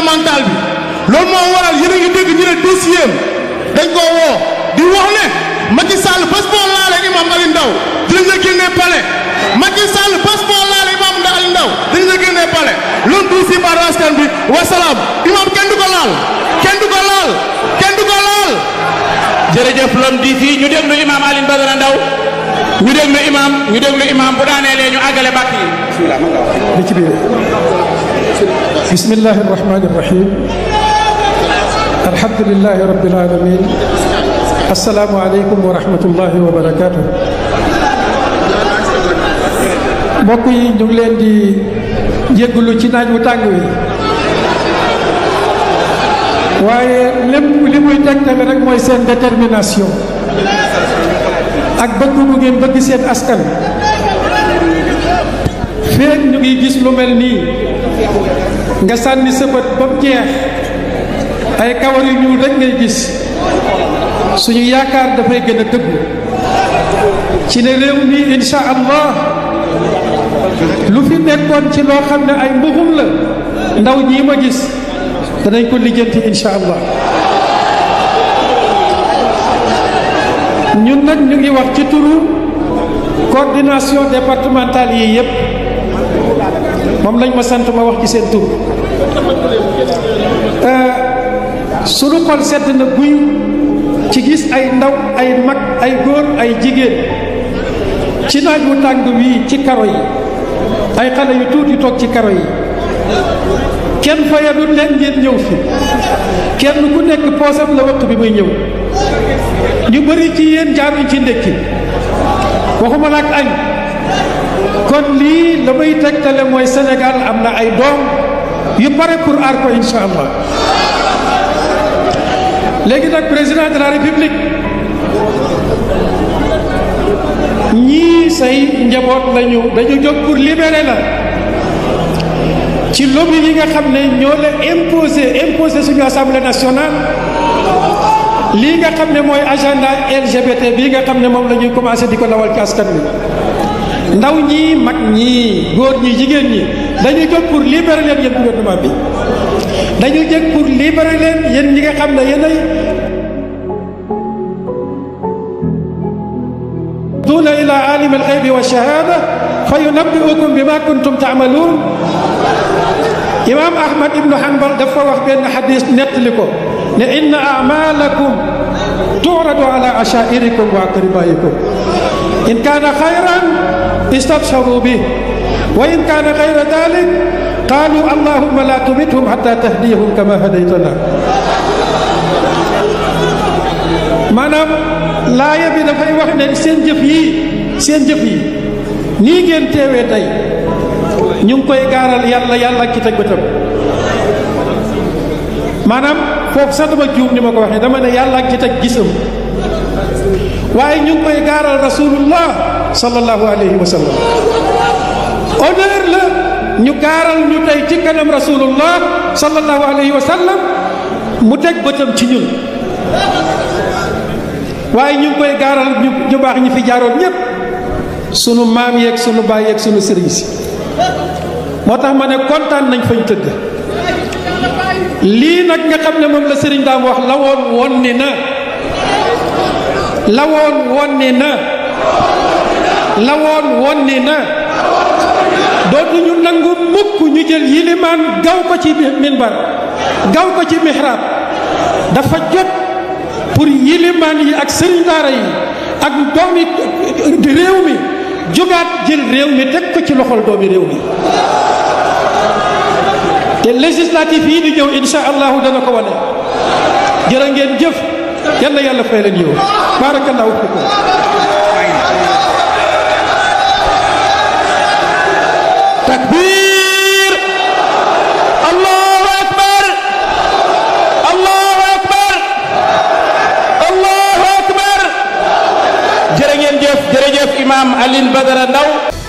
gouvernementale bi loolu moo waral yéen a ngi dégg ñu ne dossier dañ koo woo di wax ne Macky Sall bés boo laalee imam Ali Ndaw dinañ la génnee palais Macky Sall bés imam Ali Ndaw dinañ la loolu dossier par askan bi wasalaam imam kenn du ko laal kenn du ko laal kenn ñu déglu imam Alioune Badara Ndaw ñu déglu imam ñu déglu imam bu daaneelee ñu àggale bàkk yi. bismillah bismillahi irrahmani irrahim alhamdulilahi rabbil alamin asalaamualeykum wa rahmatullahi wa barakatuh mbokk yi ñu ngi leen di jéggulu ci naaj wu tàng wi waaye lépp li muy tegtale rek mooy seen détermination ak bëgg bu ngeen bëgg seen askan feeg ñu ngi gis lu mel nii nga sànni sa bët ba mu jeex ay kawar yu ñuul rek ngay gis suñu yaakaar dafay gën a dëggu ci ne réew mi insha allah lu fi nekkoon ci loo xam ne ay mbuxum la ndaw ñii ma gis danañ ko lijjanti insha allah ñun nag ñu ngi wax ci turu coordination départementale yi yépp moom lañ ma sant ma wax ci seen tur sunu xol sedd na guy ci gis ay ndaw ay mag ay góor ay jigéen ci naaj wu tàng wii ci karo yi ay xale yu tuuti toog ci karo yi kenn fayadul leen ngeen ñëw fi kenn ku nekk poosam la waxtu bi muy ñëw ñu bari ci yéen jaaruñ ci ndekki waxuma la kon lii damay may tegtale mooy Sénégal am na ay doom yu pare pour aar ko incha allah léegi nag président de la république ñii say njaboot lañu dañu jóg pour libérer la ci lobby yi nga xam ne ñoo la imposé imposé suñu assemblée nationale lii nga xam ne mooy agenda LGBT bii nga xam ne moom la ñuy commencé di ko lawal ci askan wi ndaw ñi mag ñi góor ñi jigéen ñi. dañu jóg pour libérer leen yéen gouvernement bi dañu jóg pour libérer leen yéen ñi nga xam ne yéen ay duuna ila alim alxaybi wa shahada fa yunabbiukum bima kuntum taamaluun imam ahmad ibnu hanbal dafa wax benn xadis nettali ko ne inna amalakum tuuradu ala ashairikum wa aqribaikum in kaana xayran istabsharu bi wa in kaana xayra dalik qaalu allahumma la tumithum xata tahdiyahum kama hadaytana maanaam laaya bi dafay wax ne seen jëf yi seen jëf yi nii ngeen teewee tey ñu ngi koy gaaral yàlla yàlla ki teg bëtam maanaam foofu sax dama juum ni ma ko waxee dama ne yàlla ki teg gisam waaye ñu ngi koy gaaral rasulullah sallallahu alayhi wa sallam honneur la ñu gaaral ñu tey ci kanam rasulullah sallallahu alayhi wa sallam mu teg bëtam ci ñun waaye ñu ngi koy gaaral ñu ñu baax ñi fi jaaroon ñépp sunu maam yeeg sunu baay yeeg sunu sëriñ si moo tax ma ne kontaan nañ fañ tëgg lii nag nga xam ne moom la sëriñ daam wax la woon wonni na la woon wonni na la woon wonni na dootuñu nangu mukk ñu jël yilimaan gaw ko ci minbar gaw ko ci mihrab dafa jot pour yilimaan yi ak sëriñ yi ak doomi réew mi jógaat jël réew mi teg ko ci loxol doomi réew mi te législatif yi di ñëw insha allahu dana ko wane jërë ngeen jëf yàlla yàlla fay leen yow barakallahu fikum jërë ngeen jëf jërëjëf imam Alioune Badara Ndao